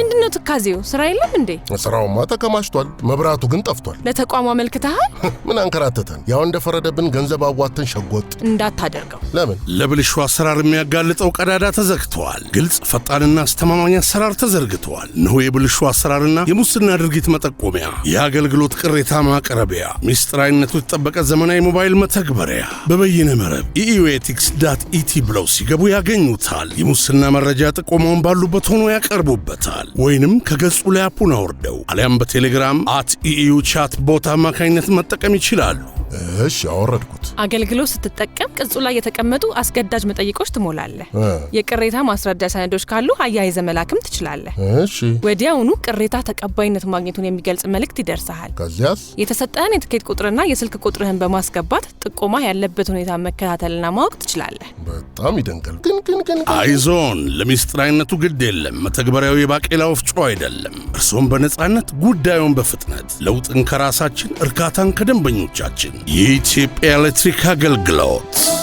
እንዴ ነው ትካዜው? ስራ የለም እንዴ? ስራውማ ተከማችቷል፣ መብራቱ ግን ጠፍቷል። ለተቋሙ አመልክተሃል? ምን አንከራተተን? ያው እንደፈረደብን ገንዘብ አዋተን ሸጎጥ እንዳታደርገው። ለምን? ለብልሹ አሰራር የሚያጋልጠው ቀዳዳ ተዘግተዋል። ግልጽ፣ ፈጣንና አስተማማኝ አሰራር ተዘርግተዋል። እነሆ የብልሹ አሰራርና የሙስና ድርጊት መጠቆሚያ፣ የአገልግሎት ቅሬታ ማቅረቢያ፣ ሚስጥራዊነቱ የተጠበቀ ዘመናዊ ሞባይል መተግበሪያ በበይነ መረብ ኢዩኤቲክስ ዳት ኢቲ ብለው ሲገቡ ያገኙታል። የሙስና መረጃ ጥቆማውን ባሉበት ሆኖ ያቀርቡ ይገቡበታል። ወይንም ከገጹ ላይ አፑን አውርደው አሊያም በቴሌግራም አት ኢዩ ቻት ቦታ አማካኝነት መጠቀም ይችላሉ። እሺ አወረድኩ። አገልግሎት ስትጠቀም ቅጹ ላይ የተቀመጡ አስገዳጅ መጠይቆች ትሞላለህ። የቅሬታ ማስረጃ ሰነዶች ካሉ አያይዘ መላክም ትችላለህ። ወዲያውኑ ቅሬታ ተቀባይነት ማግኘቱን የሚገልጽ መልእክት ይደርስሃል። ከዚያስ የተሰጠህን የትኬት ቁጥርና የስልክ ቁጥርህን በማስገባት ጥቆማ ያለበት ሁኔታ መከታተልና ማወቅ ትችላለህ። በጣም ይደንቃል። ግን ግን ግን አይዞን፣ ለሚስጥራዊነቱ ግድ የለም። መተግበሪያዊ የባቄላ ወፍጮ አይደለም። እርስዎም በነጻነት ጉዳዩን በፍጥነት ለውጥን ከራሳችን እርካታን ከደንበኞቻችን የኢትዮጵያ ኤሌክትሪክ Psychagel Glotz.